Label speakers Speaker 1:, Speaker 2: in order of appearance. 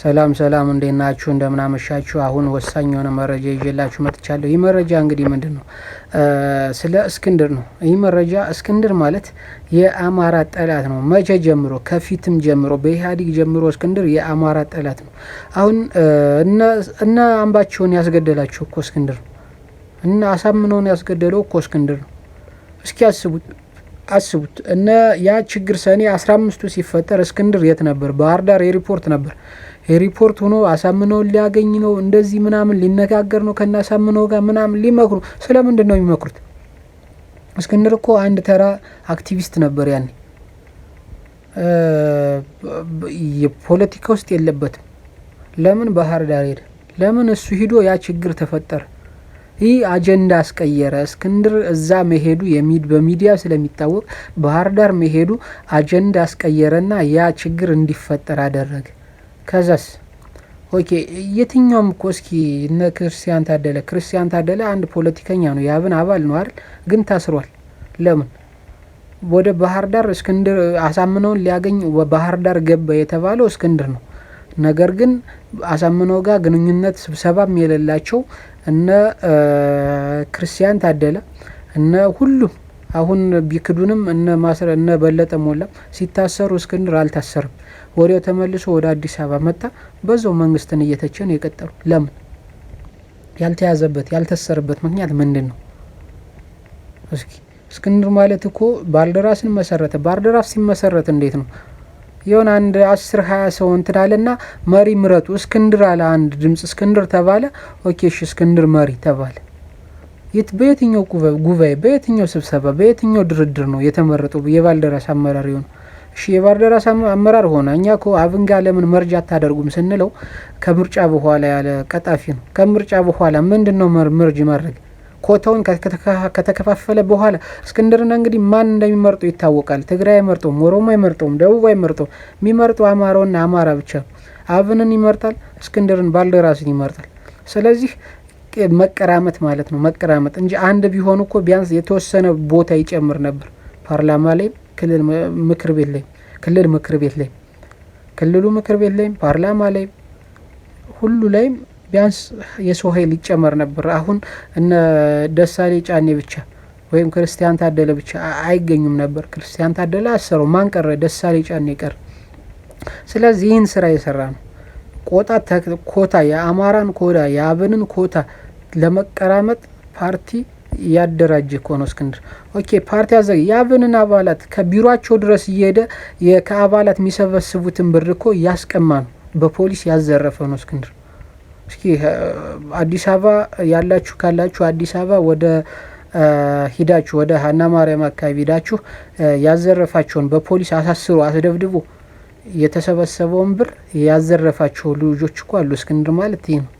Speaker 1: ሰላም ሰላም፣ እንዴት ናችሁ? እንደምናመሻችሁ። አሁን ወሳኝ የሆነ መረጃ ይዤላችሁ መጥቻለሁ። ይህ መረጃ እንግዲህ ምንድን ነው? ስለ እስክንድር ነው። ይህ መረጃ እስክንድር ማለት የአማራ ጠላት ነው። መቼ ጀምሮ? ከፊትም ጀምሮ፣ በኢህአዴግ ጀምሮ እስክንድር የአማራ ጠላት ነው። አሁን እነ አምባቸውን ያስገደላቸው እኮ እስክንድር ነው። እነ አሳምነውን ያስገደለው እኮ እስክንድር ነው። እስኪ አስቡት አስቡት እነ ያ ችግር ሰኔ አስራ አምስቱ ሲፈጠር እስክንድር የት ነበር? ባህር ዳር የሪፖርት ነበር ሪፖርት ሆኖ አሳምነውን ሊያገኝ ነው እንደዚህ ምናምን ሊነጋገር ነው ከና አሳምነው ጋር ምናምን ሊመክሩ ስለምንድን ነው የሚመክሩት? እስክንድር እኮ አንድ ተራ አክቲቪስት ነበር። ያኔ የፖለቲካ ውስጥ የለበትም። ለምን ባህር ዳር ሄደ? ለምን እሱ ሂዶ ያ ችግር ተፈጠረ? ይህ አጀንዳ አስቀየረ። እስክንድር እዛ መሄዱ የሚድ በሚዲያ ስለሚታወቅ ባህር ዳር መሄዱ አጀንዳ አስቀየረና ያ ችግር እንዲፈጠር አደረገ። ከዛስ ኦኬ የትኛውም እኮ እስኪ እነ ክርስቲያን ታደለ ክርስቲያን ታደለ አንድ ፖለቲከኛ ነው፣ የአብን አባል ነው አይደል? ግን ታስሯል። ለምን ወደ ባህር ዳር እስክንድር አሳምነውን ሊያገኝ ባህር ዳር ገባ የተባለው እስክንድር ነው። ነገር ግን አሳምነው ጋር ግንኙነት ስብሰባም የሌላቸው እነ ክርስቲያን ታደለ እነ ሁሉም አሁን ቢክዱንም እነ ማስረ እነ በለጠ ሞላ ሲታሰሩ እስክንድር አልታሰርም። ወዲያው ተመልሶ ወደ አዲስ አበባ መጣ። በዛው መንግስትን እየተቸ ነው የቀጠሉ። ለምን ያልተያዘበት ያልታሰረበት ምክንያት ምንድን ነው? እስኪ እስክንድር ማለት እኮ ባልደራስን መሰረተ። ባልደራስ ሲመሰረት እንዴት ነው የሆነ አንድ አስር ሀያ ሰው እንትን አለና መሪ ምረጡ እስክንድር አለ አንድ ድምጽ እስክንድር ተባለ። ኦኬ እሺ እስክንድር መሪ ተባለ። በየትኛው ጉባኤ በየትኛው ስብሰባ በየትኛው ድርድር ነው የተመረጡ የባልደራስ አመራር የሆኑ? እሺ የባልደራስ አመራር ሆነ እኛ ኮ አብንጋ ለምን መርጃ አታደርጉም ስንለው ከምርጫ በኋላ ያለ ቀጣፊ ነው። ከምርጫ በኋላ ምንድን ነው መርጅ ማድረግ? ኮታውን ከተከፋፈለ በኋላ እስክንድርና እንግዲህ ማን እንደሚመርጡ ይታወቃል። ትግራይ አይመርጠውም፣ ኦሮሞ አይመርጠውም፣ ደቡብ አይመርጠውም። የሚመርጡ አማራውና አማራ ብቻ አብንን ይመርጣል፣ እስክንድርን ባልደራስን ይመርጣል። ስለዚህ መቀራመት ማለት ነው መቀራመጥ እንጂ አንድ ቢሆን እኮ ቢያንስ የተወሰነ ቦታ ይጨምር ነበር። ፓርላማ ላይም ክልል ምክር ቤት ላይም ክልል ምክር ቤት ላይም ክልሉ ምክር ቤት ላይም ፓርላማ ላይም ሁሉ ላይም ቢያንስ የሰው ኃይል ይጨመር ነበር። አሁን እነ ደሳሌ ጫኔ ብቻ ወይም ክርስቲያን ታደለ ብቻ አይገኙም ነበር። ክርስቲያን ታደለ አሰረው ማን ቀረ? ደሳሌ ጫኔ ቀር ስለዚህ ይህን ስራ የሰራ ነው። ቆጣ ኮታ የአማራን ኮታ የአብንን ኮታ ለመቀራመጥ ፓርቲ ያደራጀ ከሆነ እስክንድር። ኦኬ ፓርቲ አዘጋ የአብንን አባላት ከቢሮቸው ድረስ እየሄደ ከአባላት የሚሰበስቡትን ብር እኮ ያስቀማ ነው፣ በፖሊስ ያዘረፈ ነው እስክንድር። እስኪ አዲስ አበባ ያላችሁ ካላችሁ አዲስ አበባ ወደ ሂዳችሁ ወደ ሀና ማርያም አካባቢ ሂዳችሁ ያዘረፋቸውን በፖሊስ አሳስሮ አስደብድቦ የተሰበሰበውን ብር ያዘረፋቸው ልጆች እኮ አሉ እስክንድር ማለት ይህ ነው።